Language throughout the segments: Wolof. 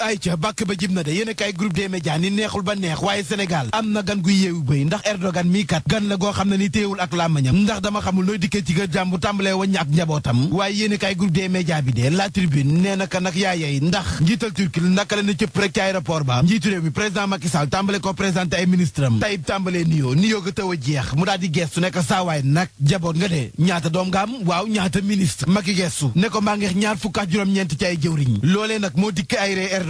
ay ca bàkk ba jib na de yéen kay groupe des médias ni neexul ba neex waaye Sénégal am na gan gu yeewu bëy ndax Erdogan mii kat gan la goo xam ne ni téewul ak làmmañam ndax dama xamul looy dikkee ci kër jàmbu tàmbalee waññ njabootam waaye yéen kay groupe des médias bi de la tribune nee na ka nag yaayey ndax njiital turki naka la ne cëpp rek ci aéroport ba njiitu réew mi président Macky Sall tàmbale ko ay ministre am tayib tàmbalee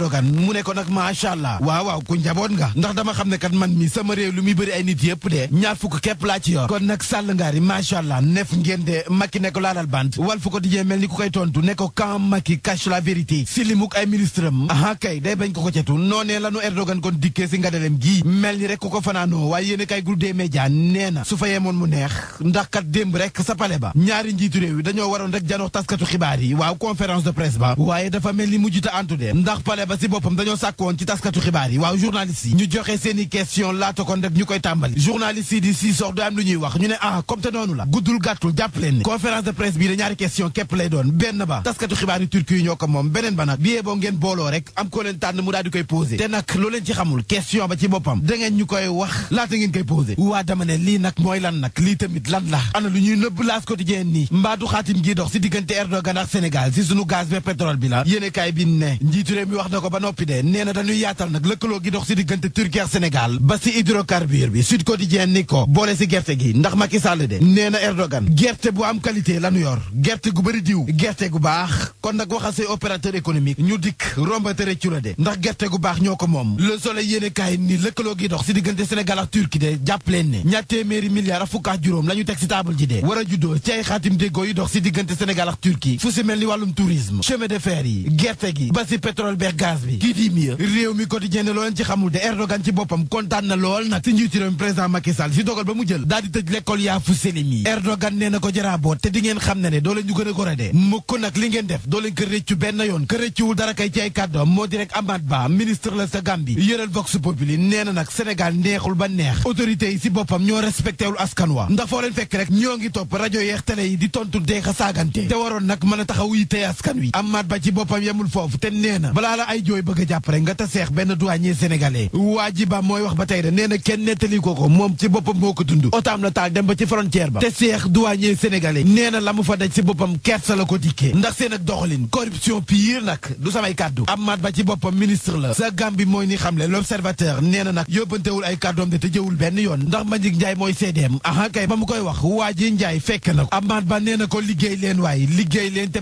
a Erdogan mu ne ko wa sha allah waaw waaw ku njaboot nga ndax dama xamne ne kat man mi sama rew lu mi beuri ay nit yep de ñaar fuk kep la ci yor kon nag sàll ngaari sha allah nef ngeen de ne ko dal bant wal fuk ko dije melni ku koy tontu ne ko quand cache la vérité si limuk ay ministre am aha kay day bañ ko ko tu noné lañu Erdogan kon dikké ci ngadalem gi melni rek ku ko fanano way yene kay groupe des médias nee su fa yemoon mu neex ndax kat demb rek sa palé ba ñaari njiitu rew yi dañoo rek janox taskatu xibaar yi conférence de presse ba waye dafa melni mujjuta antu de ndax palé ba bopam dañu dañoo ci taskatu xibaar yi waaw journaliste yi ñu joxe seen i question laata kon rek ñu koy tàmbali journaliste yi di si sox du am lu ñuy wax ñu ne ah comme te noonu la guddul gàttul jàpp leen ni conférence de presse bi da ñaari question képp lay doon benn ba taskatu xibaar yi turki yi ñoo ko moom beneen ba nag biyee boo ngeen booloo rek am ko leen tànn mu daal di koy poser te nag loo leen ci xamul question ba ci boppam da ngeen ñu koy wax laata ngeen koy poser waa dama ne lii nag mooy lan nak lii tamit lan la ana lu ñuy nëbb laas quotidien nii mbaadu xaatim gii dox si diggante Erdogan ak Sénégal si sunu gaz bi pétrole bi la yéene kaay bi ne njiitu réew mi wax na na ko ba noppi de nee na dañuy yaatal nag lëkkaloo gi dox si diggante Turquie ak Sénégal ba si hydrocarbure bi Sud Quotidien ni ko boole si gerte gi ndax Macky de nee na Erdogan gerte bu am qualité la ñu yor gerte gu bëri diw gerte gu baax kon nag waxal say opérateur économique ñu dikk rombatere cu de ndax gerte gu baax ñoo ko moom Le Soleil yéene kaay ni lëkkaloo gi dox si diggante Sénégal ak Turquie de jàpp leen ne ñaar téeméeri milliards ak fukk juróom la ñu teg si table ji de war a juddoo ci ay xaatim déggoo gaz bi kii di mieux réew mi quotidien ne looleen ci xamul de Erdogan ci boppam kontaan na lool nag si njiitu réew président Macky si dogal ba mu jël daal di tëj l'école yaa fu selim yi Erdogan nee ko jaraa boot te di ngeen xam ne ne doo leen ñu gën a ko redee nag li ngeen def doo leen ko benn yoon ko réccuwul dara kay ci ay kàddoom moo di rek Amat Ba ministre la sa Gambie yëral Vox Populi nee na nag Sénégal neexul ba neex autorité yi si boppam ñoo respecté wul askan wa ndax foo leen fekk rek ñoo ngi topp rajo yeex télé di tontu deex a saagante te waroon nag mën taxaw yi tey askan wi Amat Ba ci boppam yemul foofu te ay jooy bëgg a jàpp rek nga ta seex benn douanier sénégalais waa ji ba mooy wax ba tey de nee na kenn nettali ko ko moom ci boppam moo ko dund otaam la taal dem ba ci frontière ba te seex douanier sénégalais nee na la mu fa daj si boppam kersa la ko dikkee ndax seen ak doxalin corruption pire nag du samay kàddu Amath Ba ci boppam ministre la sa Gambie mooy ni xamle l'observateur nee na nag yóbbantewul ay kàddoom de te jëwul benn yoon ndax Mbagnick Ndiaye mooy CDM aha koy wax waa ji Ndiaye fekk na ko Amath Ba nee na ko liggéey leen waay liggéey leen te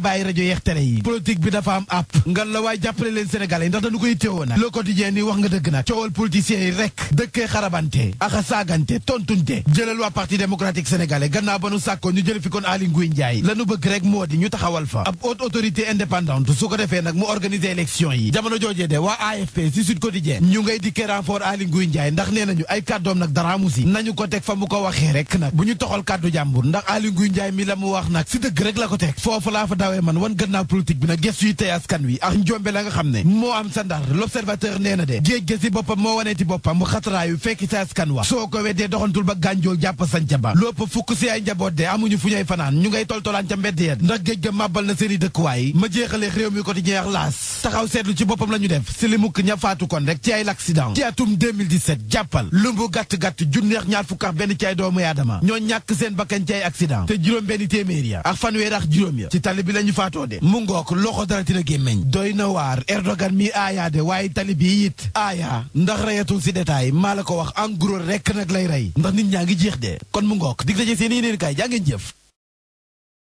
yi politique bi dafa am app nga la sénégalais ndax dañu koy téewoo nag le quotidien ni wax nga dëgg nag coowal politiciens yi rek dëkkee xarabante axa saagante tontunte jëlal waa parti démocratique sénégalais gannaaw ba nu sàkkoo ñu jël fi kon Aly Ngouille lanu bëgg rek moo di ñu taxawal fa ab haute autorité indépendante su ko defee nag mu organiser élection yi jamono joojee de waa AFP si Sud Quotidien ñu ngay dikkee renfort Aly ndax nee nañu ay kàddoom nag dara mu si nañu ko teg fa mu ko waxee rek nag bu ñu toxal kàddu jàmbur ndax Aly Ngouille Ndiaye la mu wax dëgg rek la ko foofu laa fa dawee man wan gannaaw politique bi nag gestu yi tey wi ak la nga xam ne moo am sa ndar l'observateur nee na de géej ga si boppam moo waneeti boppam mu xataraayu fekki sa askan wa soo ko weddee doxantul ba gànjool jàpp sanca ba lopp fukk si ay njaboot de amuñu fu ñuy fanaan ñu ngay toltolaan ca mbedd ya ndax géej ga màbbal na seeni dëkkuwaay ma jeexalee réew mi quotidien ak laas taxaw seetlu ci boppam la ñu def si mukk ña faatu kon rek ci ay l'accident ci atum 2017 jàppal lu mu gàtt-gàtt junneex ñaar fukk ak benn ci ay doomu ñoo ñàkk seen bakkan ci ay accident te juróom benn téeméer ya ak fanweer ak juróom ya la ñu faatoo de mu ngook loxo dara dina gémmeñ doy na waar Babacar mi aaya de waaye tali bi it aaya ndax reyatul si détail maa la ko wax en gros rek nag lay rey ndax nit ñaa ngi jeex de kon mu ngook dig daje seen yeneen kaay jaa ngeen jëf